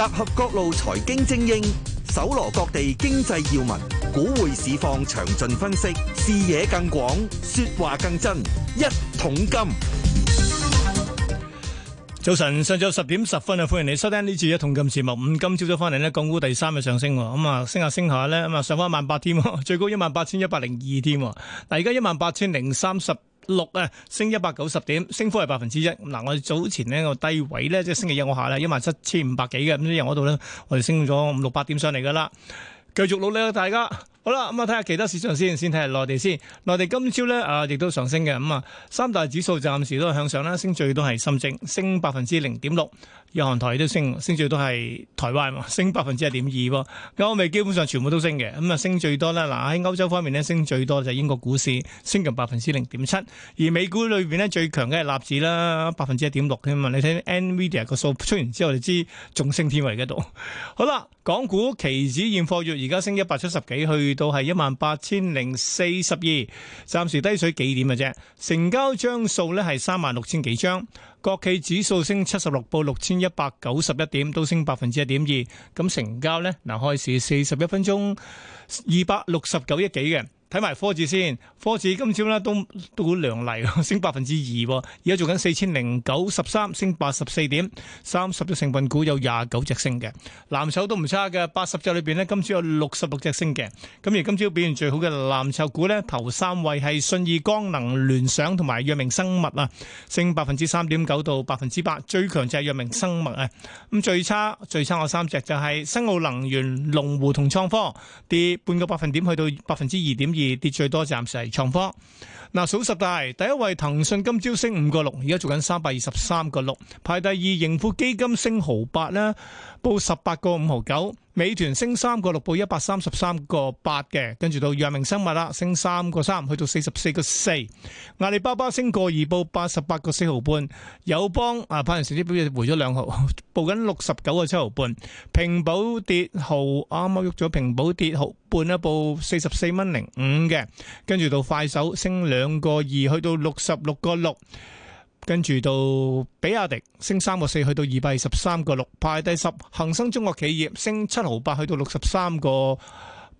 集合各路財經精英，搜羅各地經濟要聞，股匯市況詳盡分析，視野更廣，說話更真。一桶金，早晨，上晝十點十分啊，歡迎你收聽呢次一桶金節目。咁今朝早翻嚟咧，港股第三日上升，咁啊升下升下咧，咁啊上翻萬八添，最高一萬八千一百零二添，但係而家一萬八千零三十，六啊，升一百九十點，升幅係百分之一。嗱，我哋早前呢個低位咧，即係星期一我下啦一萬七千五百幾嘅，由嗰度咧，我哋升咗五六百點上嚟噶啦，繼續努力啊，大家！好啦，咁啊睇下其他市場先，先睇下內地先。內地今朝咧啊，亦都上升嘅。咁、嗯、啊，三大指數暫時都向上啦，升最多係深證，升百分之零點六。日韓台都升，升最多係台灣嘛，升百分之一點二。歐美基本上全部都升嘅，咁、嗯、啊，升最多啦。嗱喺歐洲方面咧，升最多就係英國股市，升近百分之零點七。而美股裏邊咧，最強嘅係納指啦，百分之一點六添，你睇 Nvidia 個數出完之後，就知仲升天位幾度。好啦。港股期指現貨月而家升一百七十幾，去到係一萬八千零四十二，暫時低水幾點嘅啫。成交張數咧，係三萬六千幾張，國企指數升七十六，報六千一百九十一點，都升百分之一點二。咁成交咧，嗱，開始四十一分鐘。二百六十九億幾嘅，睇埋科指先，科指，今朝呢都都好良嚟，升百分之二，而家做緊四千零九十三，升八十四點，三十隻成分股有廿九隻升嘅，藍籌都唔差嘅，八十隻裏邊呢，今朝有六十六隻升嘅，咁而今朝表現最好嘅藍籌股呢，頭三位係信義光能、聯想同埋藥明生物啊，升百分之三點九到百分之八，最強就係藥明生物啊，咁最差最差我三隻就係新奧能源、龍湖同創科跌。半個百分點去到百分之二點二，跌最多暫時係創科。嗱，數十大第一位騰訊，今朝升五個六，而家做緊三百二十三個六。排第二盈富基金升毫八啦，報十八個五毫九。美團升三個六，報一百三十三個八嘅，跟住到藥明生物啦，升三個三，去到四十四個四。阿里巴巴升個二，啊，報八十八個四毫半。友邦啊，派完息啲表回咗兩毫，報緊六十九個七毫半。平保跌毫，啱啱喐咗平保跌毫半，一報四十四蚊零五嘅，跟住到快手升兩個二，去到六十六個六。跟住到比亞迪升三個四，去到二百二十三個六，派第十。恒生中國企業升七毫八，去到六十三個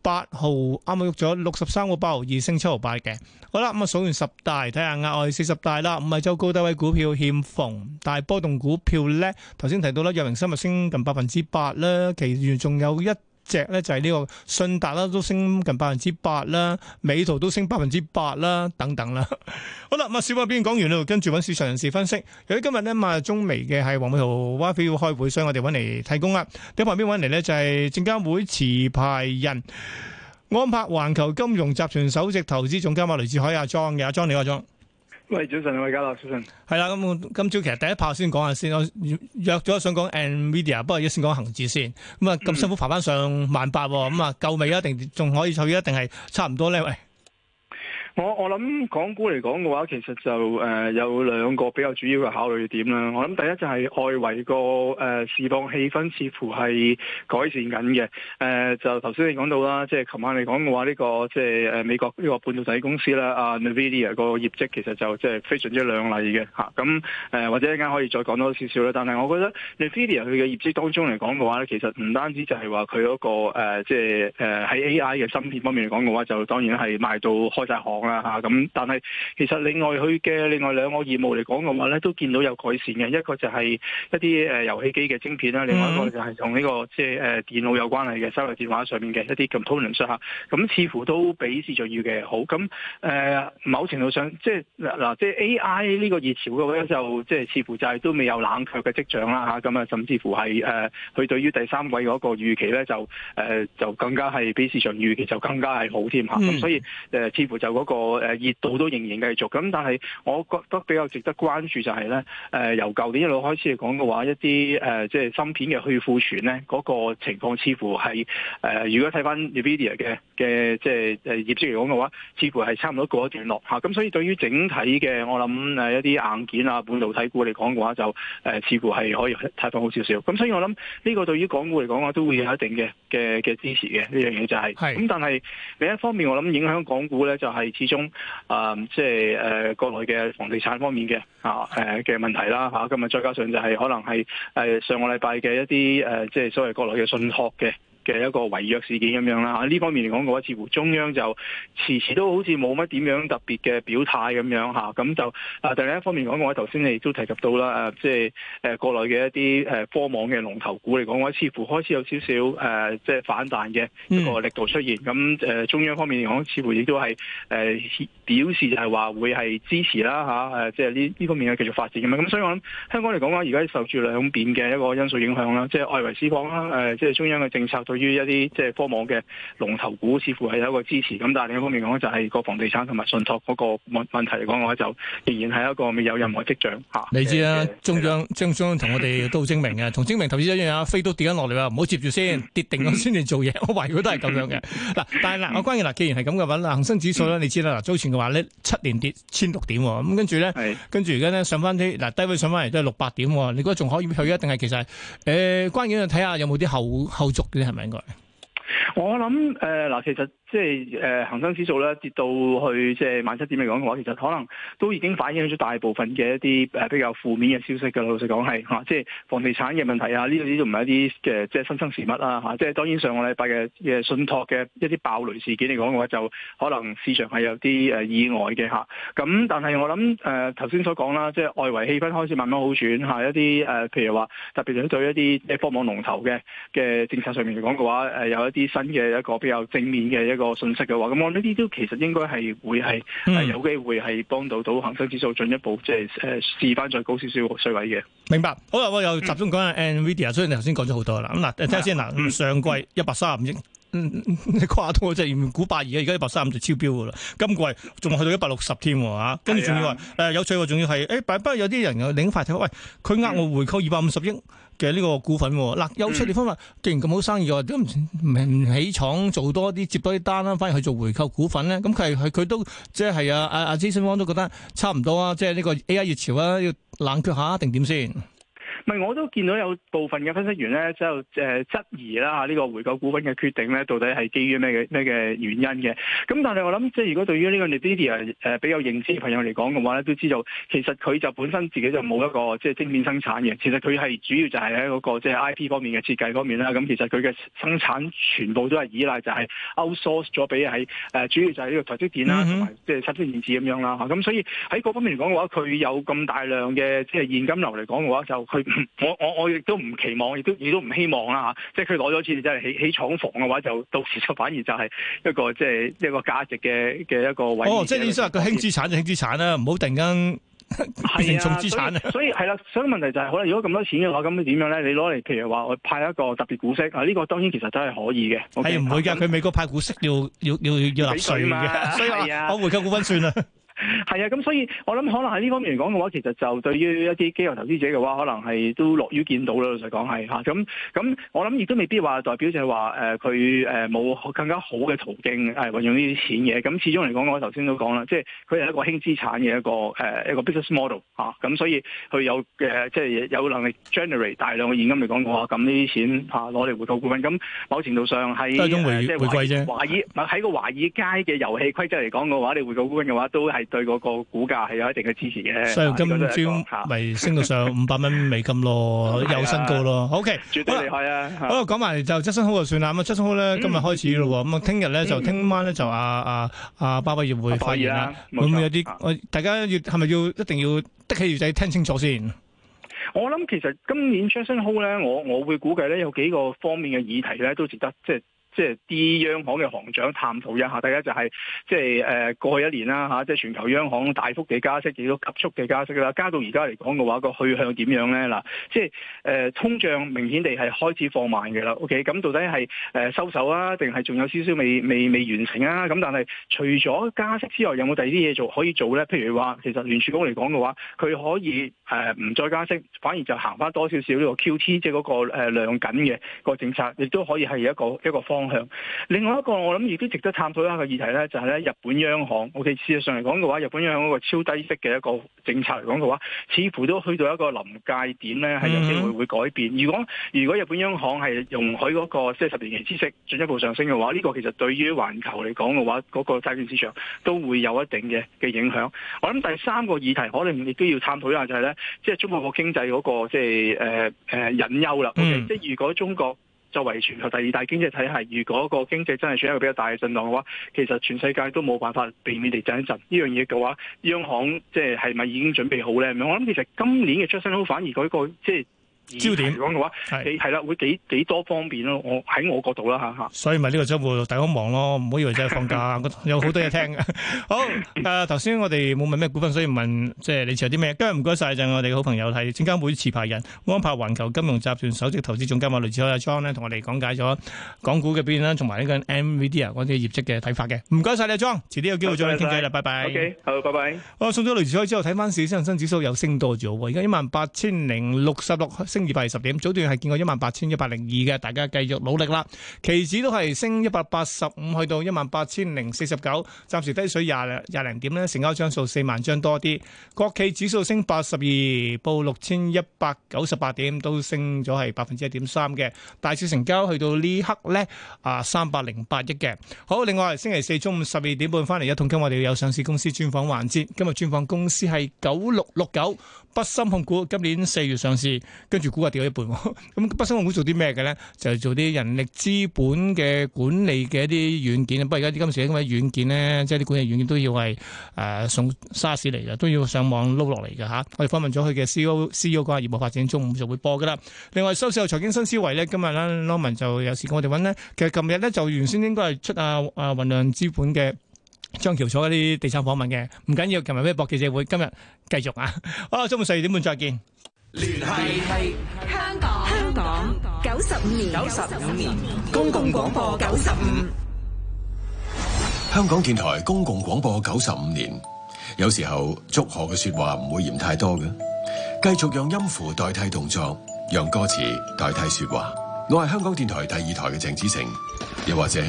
八毫，啱啱喐咗六十三個八毫二，升七毫八嘅。好啦，咁啊，數完十大，睇下額外四十大啦。五係周高低位股票欠奉，大波動股票咧頭先提到啦，藥明生物升近百分之八啦，其餘仲有一。只咧就係呢、呢個信達啦，都升近百分之八啦，美圖都升百分之八啦，等等啦。 好啦，咁啊，小巴邊講完啦，跟住揾市場人士分析。由於今日呢，咧，中微嘅係黃美豪、WiFi 要開會，所以我哋揾嚟提供啦。喺旁邊揾嚟呢，就係證監會持牌人安柏環球金融集團首席投資總監啊，雷志海啊，阿莊嘅啊莊你阿莊。你喂，早晨，我係家樂，早晨，係啦，咁今朝其實第一炮先講下先，我約咗想講 Nvidia，不過要先講恒指先，咁啊咁辛苦爬翻上萬八喎，咁啊夠未啊？定仲可以去啊？定係差唔多咧？喂？我我諗港股嚟講嘅話，其實就誒有兩個比較主要嘅考慮點啦。我諗第一就係外圍個誒市況氣氛似乎係改善緊嘅。誒、呃、就頭先你講到啦，即係琴晚嚟講嘅話，呢、這個即係誒美國呢個半導體公司啦，啊 Nvidia 個業績其實就即係非常之靚麗嘅嚇。咁誒、呃、或者一陣可以再講多少少啦。但係我覺得 Nvidia 佢嘅業績當中嚟講嘅話咧，其實唔單止就係話佢嗰個、呃、即係誒喺 AI 嘅芯片方面嚟講嘅話，就當然係賣到開晒行。啊咁，但係其實另外佢嘅另外兩個業務嚟講嘅話咧，都見到有改善嘅。一個就係一啲誒遊戲機嘅晶片啦，另外一個就係同呢個即係誒電腦有關係嘅收入電話上面嘅一啲 communication 吓，咁似乎都比市場預期好。咁誒、呃，某程度上即係嗱，即係 A.I. 呢個熱潮嘅話就即係似乎就係都未有冷卻嘅跡象啦吓。咁啊，甚至乎係誒，佢、呃、對於第三位嗰個預期咧就誒、呃、就更加係比市場預期就更加係好添吓。所以誒、呃，似乎就、嗰個個誒熱度都仍然繼續，咁但係我覺得比較值得關注就係、是、咧，誒、呃、由舊年一路開始嚟講嘅話，一啲誒、呃、即係芯片嘅去庫存咧，嗰、那個情況似乎係誒、呃、如果睇翻 Nvidia 嘅嘅即係誒業績嚟講嘅話，似乎係差唔多告一段落吓，咁所以對於整體嘅我諗誒一啲硬件啊半導體股嚟講嘅話，就誒、呃、似乎係可以睇翻好少少，咁所以我諗呢個對於港股嚟講啊，都會有一定嘅嘅嘅支持嘅呢樣嘢就係、是，咁但係另一方面我諗影響港股咧就係、是。始終、呃、即係誒、呃，國內嘅房地產方面嘅啊，誒、呃、嘅問題啦吓、啊，咁再加上就係可能係誒、呃、上個禮拜嘅一啲誒、呃，即係所謂國內嘅信託嘅。嘅一個違約事件咁樣啦嚇，呢方面嚟講嘅話，似乎中央就遲遲都好似冇乜點樣特別嘅表態咁樣嚇，咁就啊，但另一方面講嘅話，頭先你亦都提及到啦，即係誒國內嘅一啲誒科網嘅龍頭股嚟講嘅話，似乎開始有少少誒即係反彈嘅一個力度出現，咁誒中央方面嚟講，似乎亦都係誒、呃、表示就係話會係支持啦嚇，誒即係呢呢方面嘅繼續發展咁樣，咁所以我諗香港嚟講話，而家受住兩邊嘅一個因素影響啦，即係外圍市況啦，誒即係中央嘅政策對。於一啲即係科網嘅龍頭股，似乎係有一個支持。咁但係另一方面講，就係、是、個房地產同埋信託嗰個問問題嚟講嘅話，我就仍然係一個未有任何跡象嚇。你知啦、啊嗯，中央中央同我哋都好精明嘅，同精明投資一樣啊。 飛都跌緊落嚟啦，唔好接住先，跌定咗先嚟做嘢。我懷疑都係咁樣嘅。嗱，但係嗱，我關鍵嗱，既然係咁嘅話，恒生指數咧， 你知啦，嗱，早前嘅話咧，七年跌千六點，咁跟住咧，跟住而家咧上翻啲嗱低位上翻嚟都係六百點，哦，你覺得仲可以去啊？定係其實誒、呃、關鍵要睇下有冇啲後後續嘅係咪？是應該我諗誒，嗱、呃，其實。即係誒，恆生指數咧跌到去即係萬七點嚟講嘅話，其實可能都已經反映咗大部分嘅一啲誒比較負面嘅消息㗎。老實講係嚇，即係房地產嘅問題啊，呢度呢度唔係一啲誒即係新生事物啊嚇。即係當然上個禮拜嘅嘅信託嘅一啲爆雷事件嚟講嘅話，就可能市場係有啲誒意外嘅嚇。咁、啊、但係我諗誒頭先所講啦，即係外圍氣氛開始慢慢好轉嚇，一啲誒、呃、譬如話特別對一啲科網龍頭嘅嘅政策上面嚟講嘅話，誒、呃、有一啲新嘅一個比較正面嘅一這個信息嘅話，咁我呢啲都其實應該係會係係有機會係幫到到恒生指數進一步即係誒試翻再高少少水位嘅。明白。好啦，我又集中講、嗯、下 NVIDIA。雖然頭先講咗好多啦，咁嗱聽下先嗱，上季一百三十五億，跨到即係估百二嘅，而家一百三十五就超標噶啦。今季仲去到一百六十添吓，跟住仲要話誒有趣喎，仲要係誒、哎，不過有啲人啊，你睇，喂，佢呃我回購二百五十億。嗯嘅呢個股份嗱、哦，有出嚟方法，既然咁好生意嘅話，都唔起廠做多啲，接多啲單啦，反而去做回購股份咧，咁佢係佢都即係係啊啊啊資深方都覺得差唔多啊，即係呢個 AI 熱潮啊，要冷卻一下定點先。唔係，我都見到有部分嘅分析員咧，就誒質疑啦嚇呢個回購股份嘅決定咧，到底係基於咩嘅咩嘅原因嘅？咁但係我諗，即係如果對於呢個 Nvidia 誒比較認知嘅朋友嚟講嘅話咧，都知道其實佢就本身自己就冇一個即係晶片生產嘅，其實佢係主要就係喺嗰個即係 IP 方面嘅設計方面啦。咁其實佢嘅生產全部都係依賴就係 outsource 咗俾喺誒，主要就係呢個台積電啦，同埋即係三星電子咁樣啦。嚇咁所以喺嗰方面嚟講嘅話，佢有咁大量嘅即係現金流嚟講嘅話，就佢。我我我亦都唔期望，亦都亦都唔希望啦、啊、即係佢攞咗錢，真係起起廠房嘅話，就到時就反而就係一個即係一個價值嘅嘅一個位。哦，即係你想話佢輕資產就輕資產啦、啊，唔好突然間變成重資產啊。啊所以係啦、啊，所以問題就係可能如果咁多錢嘅話，咁你點樣咧？你攞嚟，譬如話我派一個特別股息啊，呢、呢個當然其實真係可以嘅，係、okay? 唔、啊、會嘅。佢、啊、美國派股息要要要要納稅嘅，係 啊啊、我回購股分算啦。 係啊，咁所以我諗可能喺呢方面嚟講嘅話，其實就對於一啲機構投資者嘅話，可能係都樂於見到啦。老實講係嚇咁咁，我諗亦都未必話代表就係話誒佢誒冇更加好嘅途徑係運用呢啲錢嘅。咁始終嚟講，我頭先都講啦，即係佢係一個輕資產嘅一個誒一個 business model 嚇、啊。咁所以佢有誒即係有能力 generate 大量嘅現金嚟講嘅話，咁呢啲錢嚇攞嚟回購股份，咁某程度上係即係回歸啫。呃即係、華爾唔係喺個華爾街嘅遊戲規則嚟講嘅話，你回購股份嘅話都係。對嗰個股價係有一定嘅支持嘅，所以今朝咪升到上五百蚊美金咯， 有新高咯。OK，絕對厲害啊！好，嗯好，講埋就 j 生號就算啦。咁 j a c 咧，今日開始咯喎。咁、嗯嗯、啊，聽日咧就聽晚咧就阿阿阿巴伯葉會發言爸爸啦。咁會會有啲大家要係咪要一定要的起耳仔聽清楚先？我諗其實今年 j 生號呢，咧，我我會估計咧有幾個方面嘅議題咧都值得、就是即係啲央行嘅行長探討一下，大家就係即係誒過去一年啦嚇，即係全球央行大幅嘅加息，亦都急速嘅加息啦。加到而家嚟講嘅話，個去向點樣咧？嗱、啊，即係誒、呃、通脹明顯地係開始放慢嘅啦。OK，咁到底係誒、呃、收手啊，定係仲有少少未未未完成啊？咁但係除咗加息之外，有冇第二啲嘢做可以做咧？譬如話，其實聯儲局嚟講嘅話，佢可以誒唔、呃、再加息，反而就行翻多少少呢個 QT，即係嗰個、呃、量緊嘅、嗰個政策，亦都可以係一個一個方方向。另外一個我諗亦都值得探討一下嘅議題咧，就係咧日本央行。OK，事實上嚟講嘅話，日本央行嗰個超低息嘅一個政策嚟講嘅話，似乎都去到一個臨界點咧，係有機會會改變。如果如果日本央行係容許嗰個即係十年期孳息進一步上升嘅話，呢個其實對於環球嚟講嘅話，嗰個債券市場都會有一定嘅嘅影響。我諗第三個議題可能亦都要探討一下，就係咧，即係中國個經濟嗰個即係誒誒隱憂啦。嗯 okay? 即係如果中國。作為全球第二大經濟體系，如果個經濟真係出現一個比較大嘅震盪嘅話，其實全世界都冇辦法避免地震一震。呢樣嘢嘅話，央行即係係咪已經準備好咧？我諗其實今年嘅出生好反而嗰、嗰個即係。即係焦點，講嘅話，係係啦，會幾幾多方便咯？我喺我角度啦嚇嚇。所以咪呢個週末大家好忙咯，唔好以為真係放假， 有好多嘢聽。好，誒頭先我哋冇問咩股份，所以問即係你持有啲咩？今日唔該晒，就係我哋嘅好朋友係證監會持牌人安柏環球金融集團首席投資總監馬雷似海阿莊咧，同我哋講解咗港股嘅表現啦，同埋呢個 NVDA 嗰啲業績嘅睇法嘅。唔該晒，你阿莊，遲啲有機會再傾偈啦， 天了 拜拜。拜、okay, 拜。我送咗雷似海之後，睇翻市恒生指數又升多咗喎，而家一萬八千零六十六。升二百二十點，早段係見過一萬八千一百零二嘅，大家繼續努力啦。期指都係升一百八十五，去到一萬八千零四十九，暫時低水廿零點咧。成交張數四萬張多啲。國企指數升八十二，報六千一百九十八點，都升咗係百分之一點三嘅。大市成交去到呢刻咧，啊三百零八億嘅。好，另外星期四中午十二點半翻嚟，一桶金，我哋有上市公司專訪環節。今日專訪公司係九六六九北森控股，今年四月上市，跟住。股價跌咗一半，咁、嗯、北新會做啲咩嘅咧？就係、做啲人力資本嘅管理嘅一啲軟件。不過而家啲今時今日啲軟件咧，即係啲管理軟件都要係誒、呃、送沙士嚟嘅，都要上網撈落嚟嘅吓。我哋訪問咗佢嘅 CEO 嗰個業務發展，中午就會播噶啦。另外收市後財經新思維咧，今日咧 Norman 就有試過我哋揾咧。其實琴日咧就原先應該係出阿、啊、阿、啊、雲量資本嘅張橋楚一啲地產訪問嘅，唔緊要。琴日咩博記者會，今日繼續啊！好，中午十二點半再見。聯繫係香港香港九十五年九十五年公共廣播九十五香港電台公共廣播九十五年，有時候祝賀嘅說話唔會嫌太多嘅。繼續用音符代替動作，用歌詞代替說話。我係香港電台第二台嘅鄭子誠，又或者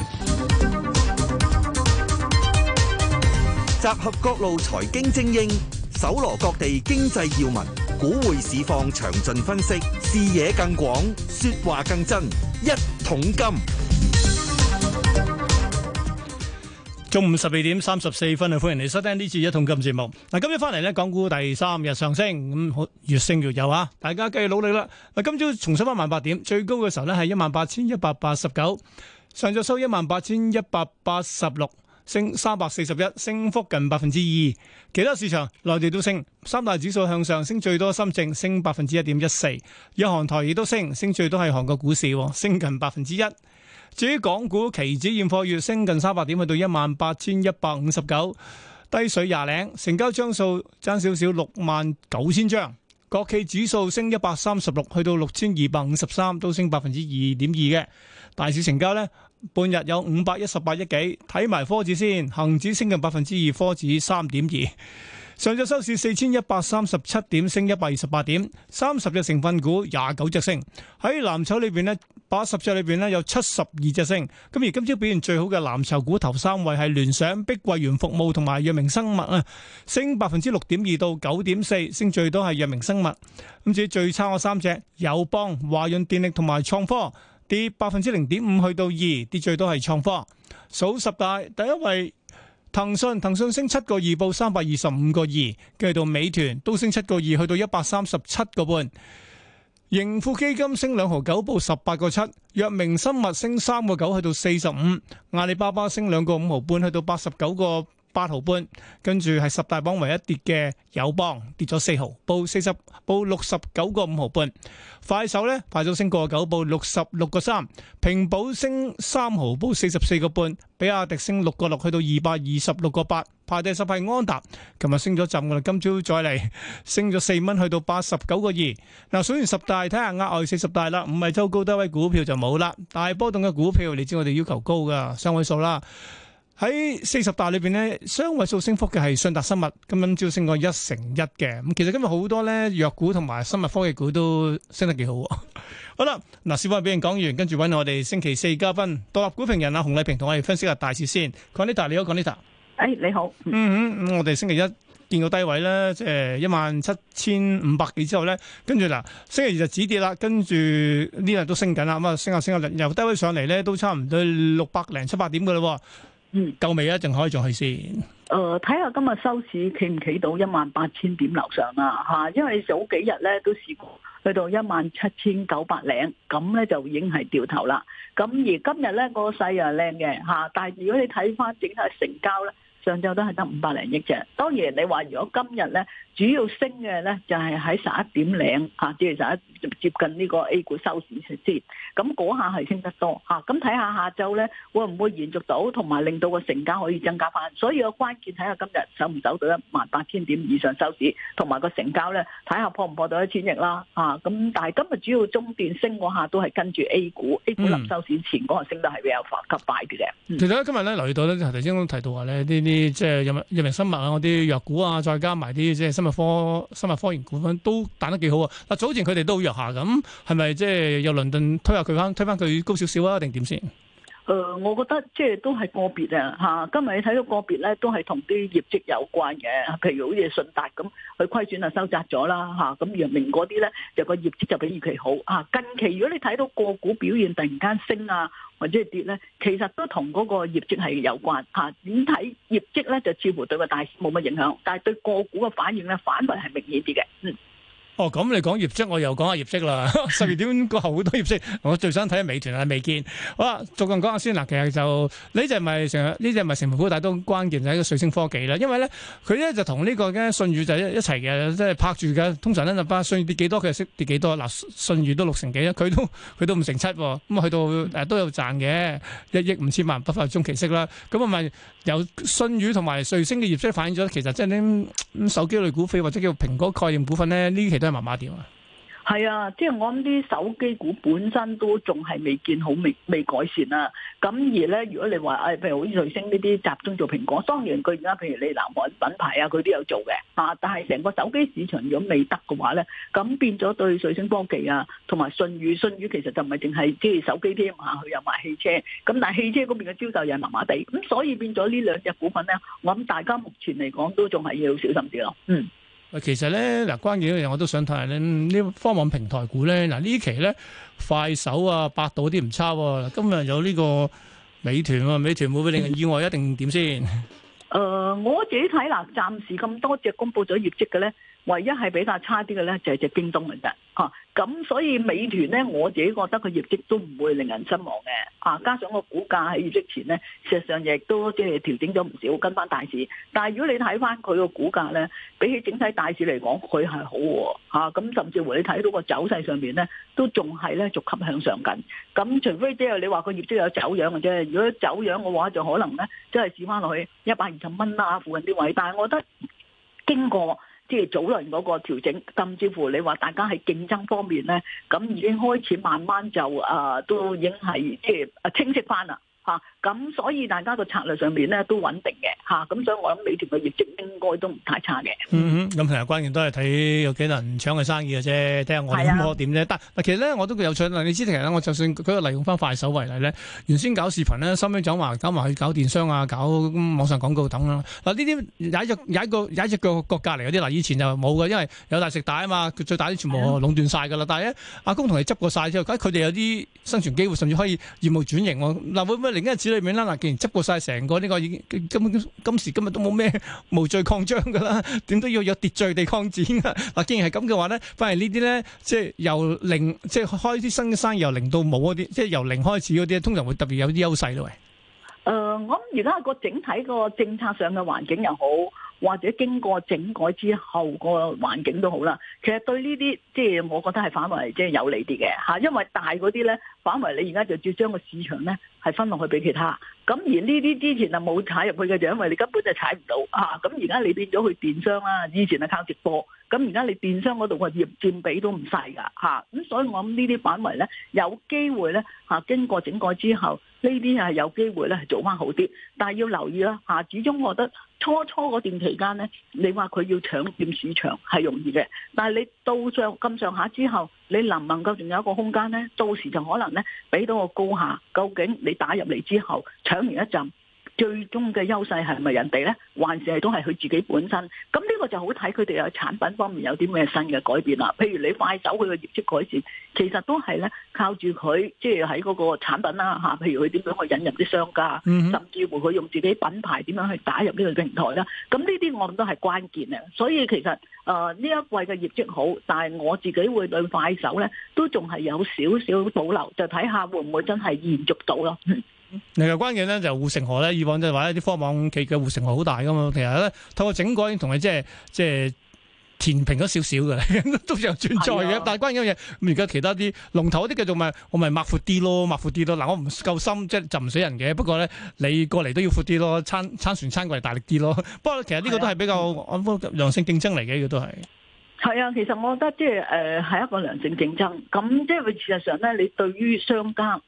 集合各路財經精英，搜羅各地經濟要聞。股匯市況詳盡分析，視野更廣，說話更真。一桶金，中午十二點三十四分，啊，歡迎你收聽呢次一桶金節目。嗱，今朝翻嚟咧，港股第三日上升，咁越升越有啊！大家繼續努力啦。嗱，今朝重新翻萬八點，最高嘅時候咧係一萬八千一百八十九，上晝收一萬八千一百八十六。升三百四十一，升幅近百分之二。其他市場內地都升，三大指數向上，升最多深證升百分之一點一四。日韓台亦都升，升最多係韓國股市，升近百分之一。至於港股期指現貨月升近三百點，去到一萬八千一百五十九，低水廿零，成交張數爭少少六萬九千張。國企指數升一百三十六，去到六千二百五十三，都升百分之二點二嘅。大市成交呢？半日有五百一十八億幾，睇埋科指先，恒指升近百分之二，科指三點二。上日收市四千一百三十七點，升一百二十八點，三十隻成分股廿九隻升。喺藍籌裏邊呢，八十隻裏邊呢，有七十二隻升。咁而今朝表現最好嘅藍籌股頭三位係聯想、碧桂園服務同埋藥明生物啊，升百分之六點二到九點四，升最多係藥明生物。咁至於最差嘅三隻，友邦、華潤電力同埋創科。跌百分之零點五去到二，跌最多係創科。數十大第一位騰訊，騰訊升七個二，報三百二十五個二。跟住到美團都升七個二，去到一百三十七個半。盈富基金升兩毫九，報十八個七。藥明生物升三個九，去到四十五。阿里巴巴升兩個五毫半，去到八十九個八毫半，跟住係十大榜唯一跌嘅友邦跌咗四毫，報四十，報六十九個五毫半。快手呢排咗升過九，報六十六個三。平保升三毫，報四十四個半。比亞迪升六個六，去到二百二十六個八。排第十係安踏，琴日升咗浸噶啦，今朝再嚟升咗四蚊，去到八十九個二。嗱，數完十大，睇下額外四十大啦，唔係周高低位股票就冇啦。大波動嘅股票，你知我哋要求高噶，雙位數啦。喺四十大裏面呢，雙位數升幅嘅係信達生物，今朝升過一成一嘅。咁其實今日好多咧藥股同埋生物科技股都升得幾好。 好啦，嗱，小波俾人講完，跟住搵我哋星期四嘉賓獨立股評人啊，洪禮平同我哋分析下大市先。Gonita 你好，Gonita、哎。你好。嗯嗯，我哋星期一見到低位咧，即係一萬七千五百幾之後咧，跟住嗱星期二就止跌啦，跟住呢日都升緊啦，咁啊升下升下，由低位上嚟咧都差唔多六百零七八點嘅喎。嗯，夠未、呃、啊？一陣開咗去先？誒，睇下今日收市企唔企到一萬八千點樓上啦，吓，因為早幾日咧都試過去到一萬七千九百零，咁咧就已經係掉頭啦。咁、啊、而今日咧、個勢又靚嘅，吓、啊，但係如果你睇翻整體成交咧，上晝都係得五百零億啫。當然你話如果今日咧。主要升嘅咧就係喺十一點零嚇，即係十一接近呢個 A 股收市時段，啊，咁嗰下係升得多嚇。咁睇下下晝咧會唔會延續到，同埋令到個成交可以增加翻。所以個關鍵睇下今日走唔走到一萬八千點以上收市，同埋個成交咧睇下破唔破到一千億啦嚇。咁、啊啊、但係今日主要中段升嗰下都係跟住 A 股、嗯、，A 股臨收市前嗰下升得係比較快急快啲嘅。其實今日咧留意到咧頭先都提到話咧呢啲即係藥物藥明生物啊嗰啲藥股啊，再加埋啲即係生物科生物科研股份都彈得幾好啊！嗱，早前佢哋都好弱下，咁係咪即係由倫敦推下佢翻，推翻佢高少少啊？定點先？誒、呃，我覺得即係都係個別啊，吓，今日你睇到個別咧，都係同啲業績有關嘅，譬如好似信達咁，佢虧損啊收窄咗啦，吓，咁陽明嗰啲咧，就個業績就比預期好，吓，近期如果你睇到個股表現突然間升啊，或者係跌咧，其實都同嗰個業績係有關，吓，點睇業績咧就似乎對個大市冇乜影響，但係對個股嘅反應咧，反為係明顯啲嘅，嗯。哦，咁你講業績，我又講下業績啦。十 二點過後好多業績，我最想睇下美團啊未見。好啦，逐個講下先嗱，其實就呢隻咪成，呢隻咪成門股，但都關鍵就係、是、個瑞星科技啦。因為咧，佢咧就同、這個、呢個嘅信宇就一齊嘅，即係拍住嘅。通常咧就翻信跌幾多，佢就升跌幾多。嗱，信宇都六成幾啦，佢都佢都五成七喎。咁、嗯、去到、啊、都有賺嘅，一億五千萬不發中期息啦。咁啊咪有信宇同埋瑞星嘅業績反映咗，其實即係啲手機類股票或者叫蘋果概念股份咧，呢期麻麻點啊？係 啊，即係我諗啲手機股本身都仲係未見好，未未改善啊。咁而咧，如果你話誒，譬如好似瑞星呢啲集中做蘋果，當然佢而家譬如你南韓品牌啊，佢都有做嘅啊。但係成個手機市場如果未得嘅話咧，咁變咗對瑞星科技啊，同埋信宇，信宇其實就唔係淨係即係手機添，下，佢又賣汽車。咁但係汽車嗰邊嘅銷售又麻麻地，咁所以變咗呢兩隻股份咧，我諗大家目前嚟講都仲係要小心啲咯，嗯。其實咧嗱，關鍵一樣我都想睇下咧，呢方網平台股咧，嗱呢期咧快手啊、百度嗰啲唔差，今日有呢個美團啊，美團會唔會令人意外，一定點先？誒，我自己睇嗱，暫時咁多隻公布咗業績嘅咧。唯一係比較差啲嘅咧，就係隻京東嘅啫。嚇，咁所以美團咧，我自己覺得佢業績都唔會令人失望嘅。啊，加上個股價喺業績前咧，事實上亦都即係調整咗唔少，跟翻大市。但係如果你睇翻佢個股價咧，比起整體大市嚟講，佢係好喎。咁甚至乎你睇到個走勢上面咧，都仲係咧逐級向上緊。咁除非即係你話個業績有走樣嘅啫。如果走樣嘅話，就可能咧即係試翻落去一百二十蚊啦附近啲位。但係我覺得經過。即係早輪嗰個調整，甚至乎你話大家喺競爭方面咧，咁已經開始慢慢就啊，都已經係即係啊清晰翻啦嚇咁所以大家個策略上面咧都穩定嘅嚇，咁、啊、所以我諗美團嘅業績應該都唔太差嘅。咁、嗯嗯嗯、其實關鍵都係睇有幾多人搶嘅生意嘅啫，睇下我點點啫。但其實咧我都佢有趣。嗱，你知其實我就算佢個用翻快手為例咧，原先搞視頻咧，收尾走埋搞埋去搞電商啊，搞、嗯、網上廣告等啦。嗱、啊，呢啲有一隻有一個有一隻腳腳隔籬嗰啲。嗱、啊，以前就冇嘅，因為有大食大啊嘛，佢最大啲全部壟斷晒㗎啦。但係阿阿公同你執過晒之後，佢哋有啲生存機會，甚至可以業務轉型喎。嗱、啊，會唔會另一裏面啦，嗱，既然執過晒成個呢個，已經今今時今日都冇咩無序擴張噶啦，點都要有秩序地擴展啊！嗱，既然係咁嘅話咧，反而呢啲咧，即係由零，即係開啲新生意由零到冇嗰啲，即係由零開始嗰啲，通常會特別有啲優勢咯，喂。誒、呃，我諗而家個整體個政策上嘅環境又好。或者經過整改之後個環境都好啦，其實對呢啲即係我覺得係反為即係有利啲嘅嚇，因為大嗰啲咧反為你而家就照將個市場咧係分落去俾其他，咁而呢啲之前啊冇踩入去嘅就因為你根本就踩唔到啊，咁而家你變咗去電商啦，以前係靠直播，咁而家你電商嗰度個業佔比都唔細噶嚇，咁所以我諗呢啲反為咧有機會咧嚇經過整改之後，呢啲係有機會咧係做翻好啲，但係要留意啦嚇，始終我覺得。初初嗰段期間呢，你話佢要搶佔市場係容易嘅，但係你到上咁上下之後，你能唔能夠仲有一個空間呢？到時就可能呢，俾到個高下。究竟你打入嚟之後，搶完一陣？最終嘅優勢係咪人哋呢？還是係都係佢自己本身？咁呢個就好睇佢哋嘅產品方面有啲咩新嘅改變啦。譬如你快手佢嘅業績改善，其實都係呢，靠住佢即係喺嗰個產品啦吓。譬如佢點樣去引入啲商家，甚至乎佢用自己品牌點樣去打入呢個平台啦。咁呢啲我諗都係關鍵啊。所以其實誒呢、呃、一季嘅業績好，但係我自己會對快手呢，都仲係有少少保留，就睇下會唔會真係延續到咯。 另外關鍵咧就護城河咧，以往即係話一啲科網企嘅護城河好大噶嘛，其實咧透過整改同埋即係即係填平咗少少嘅，都有存在嘅。但係關鍵嘅嘢，咁而家其他啲龍頭啲繼續咪我咪擘闊啲咯，擘闊啲咯嗱，我唔夠深即係浸唔死人嘅。不過咧，你過嚟都要闊啲咯，撐撐船撐過嚟大力啲咯。不過其實呢個都係比較安波良性競爭嚟嘅，呢個都係。係啊，其實我覺得即係誒係一個良性競爭，咁即係事實上咧，你對於商家。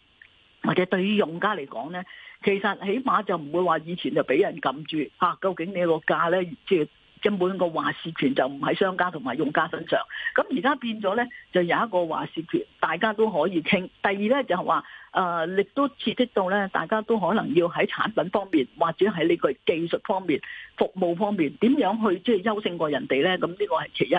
或者對於用家嚟講咧，其實起碼就唔會話以前就俾人撳住吓，究竟你個價咧即根本個話事權就唔喺商家同埋用家身上，咁而家變咗呢，就有一個話事權，大家都可以傾。第二呢、就是，就係話，誒亦都刺激到呢，大家都可能要喺產品方面或者喺呢個技術方面、服務方面點樣去即係優勝過人哋呢。咁呢個係其一。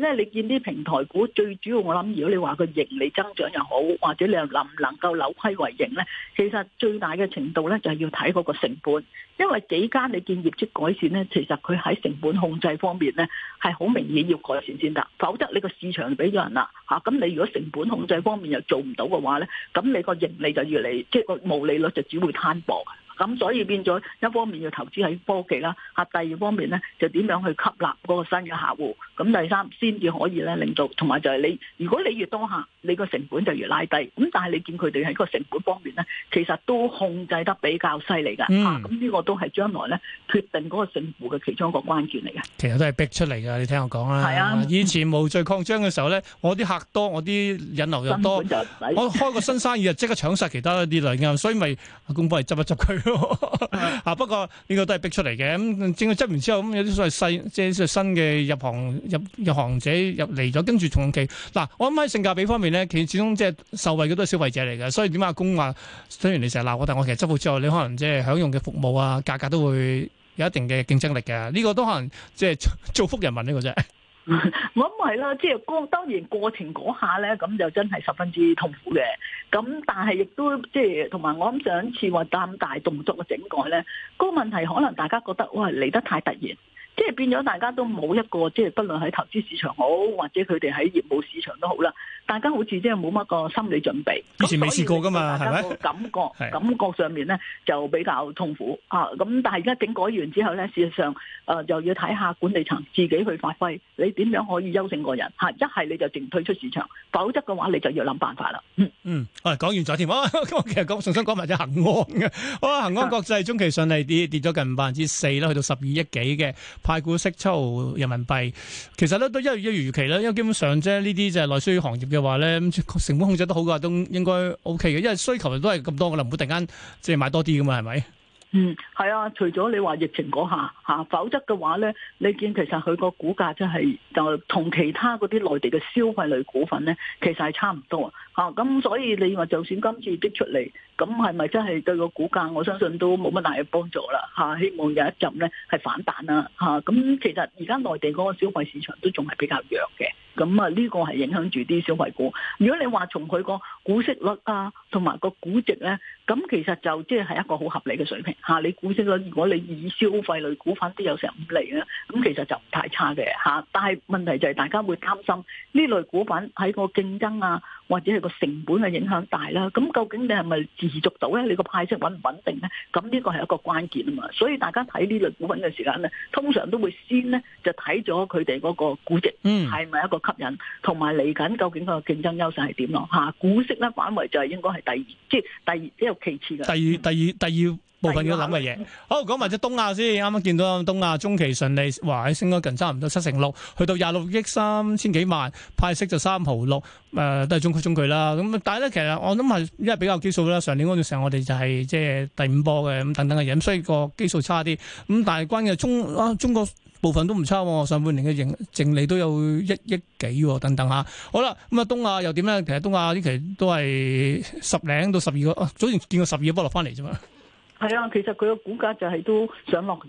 第二呢，你見啲平台股最主要，我諗如果你話佢盈利增長又好，或者你又能唔能夠扭虧為盈呢，其實最大嘅程度呢，就係要睇嗰個成本。因為幾間你見業績改善咧，其實佢喺成本控制方面咧係好明顯要改善先得，否則你個市場俾咗人啦，吓，咁你如果成本控制方面又做唔到嘅話咧，咁你個盈利就越嚟，即係個毛利率就只會攤薄，咁所以變咗一方面要投資喺科技啦，吓，第二方面咧就點樣去吸納嗰個新嘅客戶，咁第三先至可以咧令到同埋就係你如果你越多客，你個成本就越拉低，咁但係你見佢哋喺個成本方面咧，其實都控制得比較犀利㗎，嚇，咁呢個都係將來咧決定嗰個勝負嘅其中一個關鍵嚟嘅。其實都係逼出嚟嘅，你聽我講啦。係啊，以前無序擴張嘅時候咧，我啲客多，我啲引流又多，我開個新生意又即刻搶晒其他一啲類啱，所以咪阿公哥係執一執佢咯。啊，不過呢個都係逼出嚟嘅。咁整佢執完之後，咁有啲所謂細，即係新嘅入行入入行者入嚟咗，跟住同期嗱，我諗喺性價比方面。咧，其實始終即係受惠嘅都係消費者嚟嘅，所以點解阿公話雖然你成日鬧我，但係我其實執好之後，你可能即係享用嘅服務啊，價格都會有一定嘅競爭力嘅。呢個都可能即係造福人民呢個啫。我諗係啦，即係過當然過程嗰下咧，咁就真係十分之痛苦嘅。咁但係亦都即係同埋，我諗上一次話咁大動作嘅整改咧，嗰個問題可能大家覺得喂嚟得太突然，即係變咗大家都冇一個即係不論喺投資市場好，或者佢哋喺業務市場都好啦。大家好似即係冇乜個心理準備，以前未試過噶嘛，係咪？感覺感覺上面咧就比較痛苦啊！咁但係而家整改完之後咧，事實上誒就要睇下管理層自己去發揮，你點樣可以優勝過人？嚇！一係你就淨退出市場，否則嘅話你就要諗辦法啦。嗯，好，講完咗添。我今日其實講重新講埋隻恆安嘅，哇！恆安國際中期上嚟跌跌咗近百分之四啦，去到十二億幾嘅派股息抽人民幣，其實咧都一一如預期啦，因為基本上即係呢啲就係內需行業。嘅話咧，咁成本控制得好嘅，都應該 O K 嘅，因為需求都係咁多嘅啦，唔會突然間即係買多啲噶嘛，係咪？嗯，係啊，除咗你話疫情嗰下吓，否則嘅話咧，你見其實佢個股價真係就同、是、其他嗰啲內地嘅消費類股份咧，其實係差唔多吓，咁、啊、所以你話就算今次逼出嚟。咁係咪真係對個股價，我相信都冇乜大嘅幫助啦嚇！希望有一陣咧係反彈啦嚇！咁其實而家內地嗰個消費市場都仲係比較弱嘅，咁啊呢個係影響住啲消費股。如果你話從佢個股息率啊，同埋個估值咧，咁其實就即係一個好合理嘅水平吓。你股息率如果你以消費類股份都有成五厘啦，咁其實就唔太差嘅吓。但係問題就係大家會擔心呢類股份喺個競爭啊。或者係個成本嘅影響大啦，咁究竟你係咪持續到咧？你個派息穩唔穩定咧？咁呢個係一個關鍵啊嘛，所以大家睇呢類股份嘅時間咧，通常都會先咧就睇咗佢哋嗰個估值，係咪一個吸引，同埋嚟緊究竟佢嘅競爭優勢係點咯？吓，股息咧反為就係應該係第二，即係第二即係其次嘅。第二、第二、第二。部分要諗嘅嘢，好，講埋隻東亞先。啱啱見到東亞中期淨利話升咗近差唔多七成六，去到廿六億三千幾萬，派息就三毫六，誒，都係中規中矩啦。咁但係咧，其實我諗係因為比較基數啦。上年嗰段時間，我哋就係即係第五波嘅，咁等等嘅嘢，所以個基數差啲。咁但係關鍵係中啊，中國部分都唔差，上半年嘅盈淨利都有一億幾，等等吓。好啦，咁啊，東亞又點咧？其實東亞呢期都係十零到十二個，啊，早前見過十二個波落翻嚟啫嘛。係啊，其實佢個股價就係都上落啫，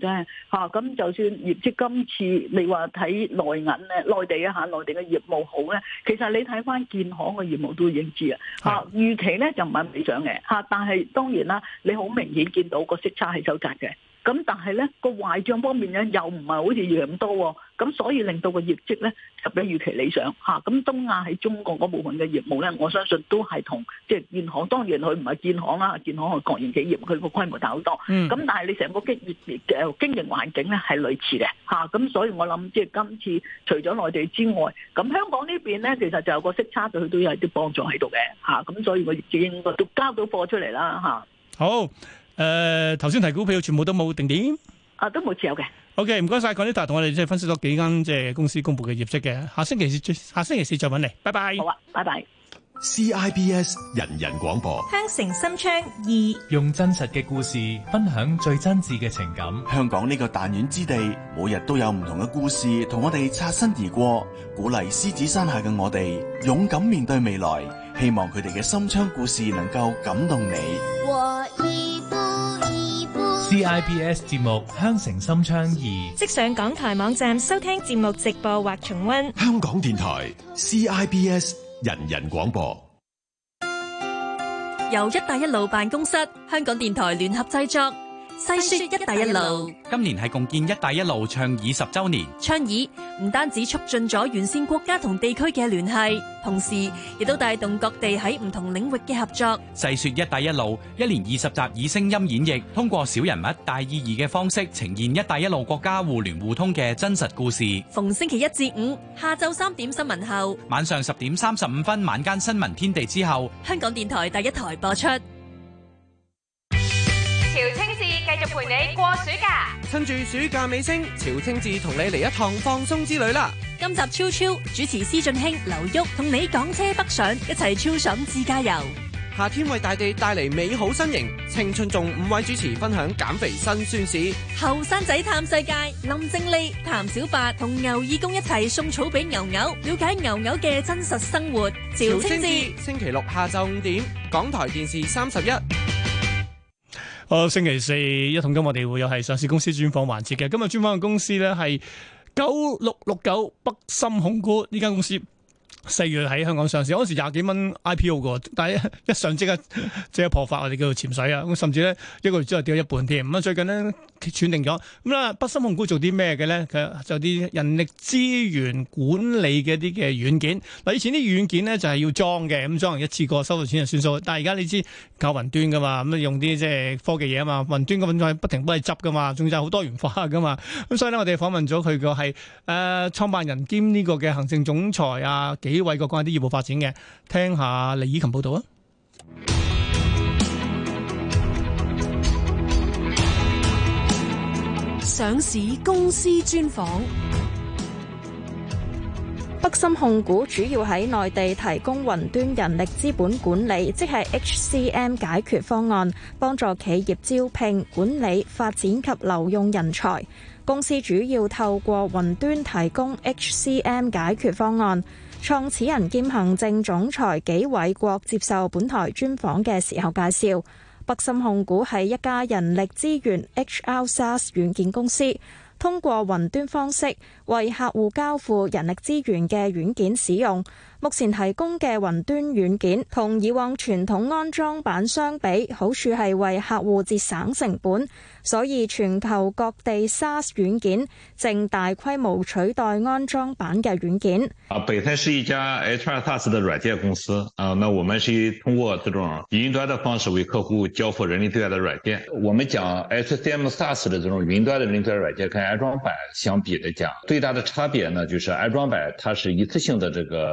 吓，咁就算業績今次你話睇內銀咧，內地啊吓，內地嘅業務好咧，其實你睇翻建行嘅業務都已經知啊。吓預期咧就唔係理想嘅，吓但係當然啦，你好明顯見到個息差係收窄嘅。咁但係咧，個壞帳方面咧又唔係好似預咁多，哦，咁所以令到個業績咧，就比預期理想嚇。咁、啊、東亞喺中國嗰部分嘅業務咧，我相信都係同即係建行，當然佢唔係建行啦，建行係國營企業，佢個規模大好多。咁、啊、但係你成個經誒經營環境咧係類似嘅嚇，咁、啊、所以我諗即係今次除咗內地之外，咁香港邊呢邊咧其實就有個息差對佢都有啲幫助喺度嘅嚇，咁、啊、所以我應該都交到貨出嚟啦嚇。好、啊。Oh. 誒、呃，頭先提股票全部都冇定點，啊，都冇自由嘅。OK，唔該晒鄺啲達，同我哋即係分析咗幾間即係公司公布嘅業績嘅。下星期四下星期四再揾你，拜拜。好啊，拜拜。CIBS 人人廣播，香城心窗二，用真實嘅故事分享最真摯嘅情感。香港呢個彈丸之地，每日都有唔同嘅故事同我哋擦身而過，鼓勵獅子山下嘅我哋勇敢面對未來。希望佢哋嘅心窗故事能夠感動你。和 CIBS 節目《香城心窗二》，即上港台網站收聽節目直播或重溫。香港電台 CIBS 人人廣播，由一帶一路辦公室、香港電台聯合製作。細說一帶一路，今年係共建一帶一路倡議十周年。倡議唔單止促進咗沿線國家同地區嘅聯繫，同時亦都帶動各地喺唔同領域嘅合作。細說一帶一路，一連二十集以聲音演繹，通過小人物大意義嘅方式呈現一帶一路國家互聯互通嘅真實故事。逢星期一至五下晝三點新聞後，晚上十點三十五分晚間新聞天地之後，香港電台第一台播出。就陪你過暑假，趁住暑假尾聲，朝清誌同你嚟一趟放鬆之旅啦。今集超超主持施俊興、劉旭同你港車北上，一齊超爽自駕遊。夏天為大地帶嚟美好身形，青春仲五位主持分享減肥辛酸史。後生仔探世界，林正麗、譚小白同牛義工一齊送草俾牛牛，了解牛牛嘅真實生活。朝清誌星期六下晝五點，港台電視三十一。啊，星期四一桶金我哋會有係上市公司專訪環節嘅。今日專訪嘅公司咧係九六六九北森控股呢間公司，四月喺香港上市，嗰時廿幾蚊 IPO 嘅，但係一上即刻即刻破發，我哋叫做潛水啊。咁甚至咧一個月之後跌咗一半添。咁啊最近咧。鑄定咗咁啦，北森控股做啲咩嘅咧？佢就啲人力資源管理嘅啲嘅軟件。嗱，以前啲軟件咧就係要裝嘅，咁裝一次過收到錢就算數。但係而家你知靠雲端噶嘛，咁用啲即係科技嘢啊嘛，雲端嘅運作不停幫你執噶嘛，仲有好多元化噶嘛。咁所以咧，我哋訪問咗佢個係誒創辦人兼呢個嘅行政總裁啊紀偉國講啲業務發展嘅，聽下李以琴報道啊。上市公司專訪。北森控股主要喺內地提供雲端人力資本管理，即係 HCM 解決方案，幫助企業招聘、管理、發展及留用人才。公司主要透過雲端提供 HCM 解決方案。創始人兼行政總裁紀偉國接受本台專訪嘅時候介紹。北森控股係一家人力資源 HR SaaS 軟件公司，通過雲端方式為客戶交付人力資源嘅軟件使用。目前提供嘅雲端軟件同以往傳統安裝版相比，好處係為客戶節省成本，所以全球各地 SaaS 軟件正大規模取代安裝版嘅軟件。啊，北森是一家 HR SaaS 的軟件公司，啊，那我們是通過這種雲端的方式為客戶交付人力資源的軟件。我們講 HCM SaaS 的這種雲端的人力資源軟件，跟安裝版相比來講，最大的差別呢，就是安裝版它是一次性的這個。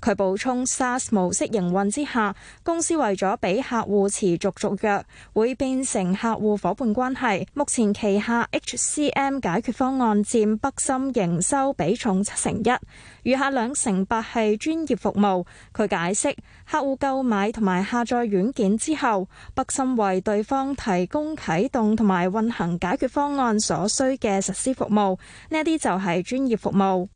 佢補充，SaaS 模式營運之下，公司為咗俾客戶持續續約，會變成客戶伙伴關係。目前旗下 HCM 解決方案佔北森營收比重七成一，餘下兩成八係專業服務。佢解釋，客戶購買同埋下載軟件之後，北森為對方提供啟動同埋運行解決方案所需嘅實施服務，呢一啲就係專業服務。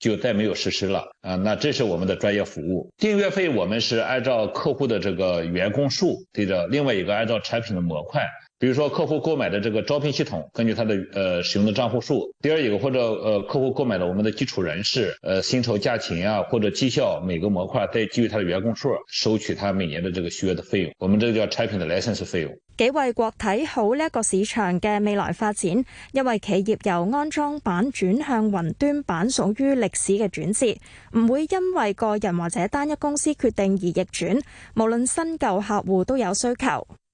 就再沒有實施了啊，呃，那這是我們的專業服務，訂閱費我們是按照客戶的這個員工數，對着另外一個按照產品的模塊。比如說，客戶購買的這個招聘系統，根據他的呃使用的賬戶數；第二一個或者呃客戶購買了我們的基礎人事呃薪酬加勤啊，或者績效每個模塊，再基於他的員工數收取他每年的這個需要的費用。我們這個叫產品的 license 費用。幾位國睇好呢一個市場嘅未來發展，因為企業由安裝版轉向雲端版屬於歷史嘅轉折，唔會因為個人或者單一公司決定而逆轉。無論新舊客戶都有需求。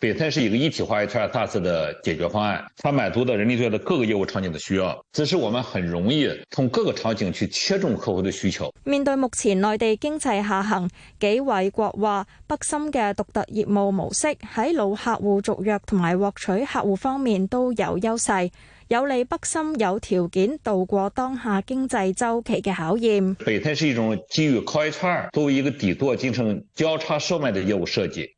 北森是一個一體化 HR 大致的解決方案，它滿足了人力資源的各個業務場景的需要，這是我們很容易從各個場景去切中客戶的需求。面對目前內地經濟下行，幾位國話北深嘅獨特業務模式喺老客戶續約同埋獲取客戶方面都有優勢，有利北深有條件度過當下經濟周期嘅考驗。北森是一種基於 c o r HR 作為一個底座進行交叉售賣的業務設計。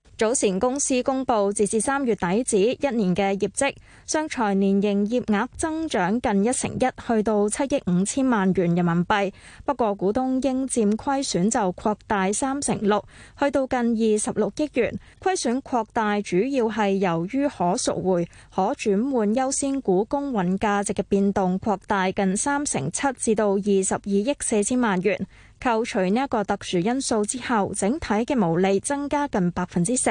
早前公司公布截至三月底止一年嘅業績，雙財年營業，業額增長近一成一，去到七億五千萬元人民幣。不過股東應佔虧損就擴大三成六，去到近二十六億元。虧損擴大主要係由於可贖回、可轉換優先股公允價值嘅變動擴大近三成七，至到二十二億四千萬元。扣除呢一個特殊因素之後，整體嘅毛利增加近百分之四，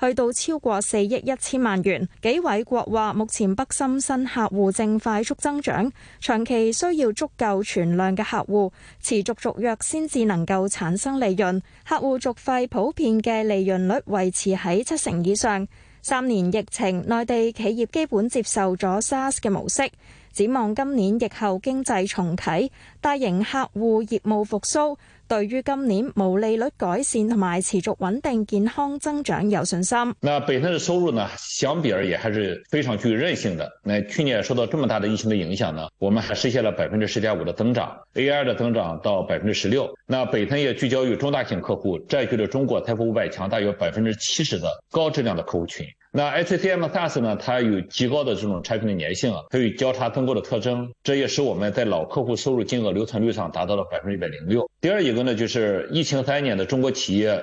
去到超過四億一千萬元。紀偉國話：目前北深新客戶正快速增長，長期需要足夠存量嘅客戶持續續約先至能夠產生利潤。客戶續費普遍嘅利潤率維持喺七成以上。三年疫情，內地企業基本接受咗 SaaS 嘅模式。指望今年疫後經濟重啟，大型客戶業務復甦。對於今年毛利率改善同埋持續穩定健康增長有信心。那北森的收入呢，相比而言還是非常具有韌性的。那去年受到這麼大的疫情的影響呢，我們還實現了百分之十點五的增長，AI 的增長到百分之十六。那北森也聚焦於中大型客戶，佔據了中國財富五百強大約百分之七十的高質量的客戶群。那 HCM SaaS 呢，它有極高的這種產品的粘性啊，它有交叉增購的特徵，這也使我們在老客戶收入金額留存率上達到了百分之一百零六。第二一個。那就是疫情三年的中國企業。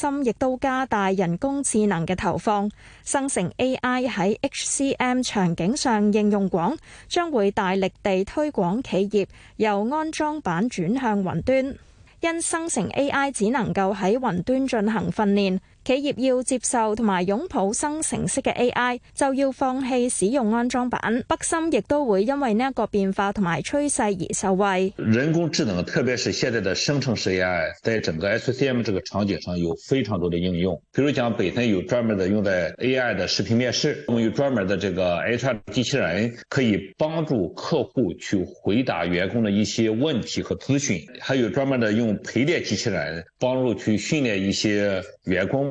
深亦都加大人工智能嘅投放，生成 AI 喺 HCM 場景上應用廣，將會大力地推廣企業由安裝版轉向雲端，因生成 AI 只能夠喺雲端進行訓練。企業要接受同埋擁抱生成式嘅 AI，就要放棄使用安裝版。北森亦都會因為呢一個變化同埋趨勢而受惠。人工智能，特別是現在的生成式 AI，在整個 HCM 這個場景上有非常多的應用。比如講，北森有專門的用在 AI 的視頻面試，我們有專門的這個 HR 機器人，可以幫助客戶去回答員工的一些問題和諮詢，還有專門的用陪練機器人幫助去訓練一些員工。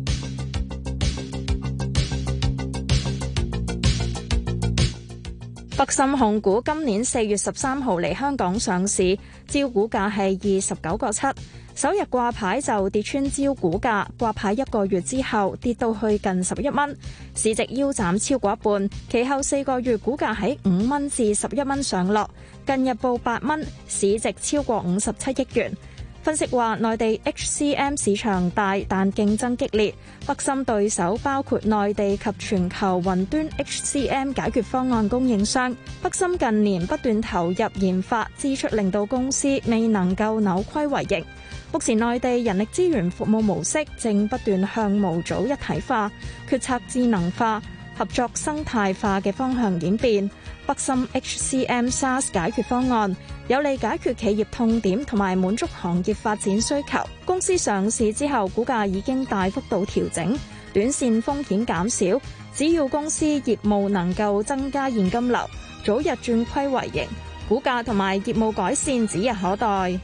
北森控股今年四月十三號嚟香港上市，招股價係二十九個七，首日掛牌就跌穿招股價，掛牌一個月之後跌到去近十一蚊，市值腰斬超過一半，其後四個月股價喺五蚊至十一蚊上落，近日報八蚊，市值超過五十七億元。分析話，內地 HCM 市場大，但競爭激烈。北森對手包括內地及全球雲端 HCM 解決方案供應商。北森近年不斷投入研發支出，令到公司未能夠扭虧為盈。目前內地人力資源服務模式正不斷向模組一體化、決策智能化、合作生態化嘅方向演變。核心 HCM SaaS 解決方案，有利解決企業痛點同埋滿足行業發展需求。公司上市之後，股價已經大幅度調整，短線風險減少。只要公司業務能夠增加現金流，早日轉虧為盈，股價同埋業務改善指日可待。